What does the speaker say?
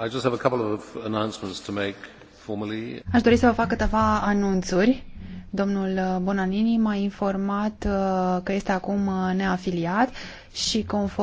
Aș dori să vă fac câteva anunțuri. Domnul uh, Bonanini m-a informat uh, că este acum uh, neafiliat și conform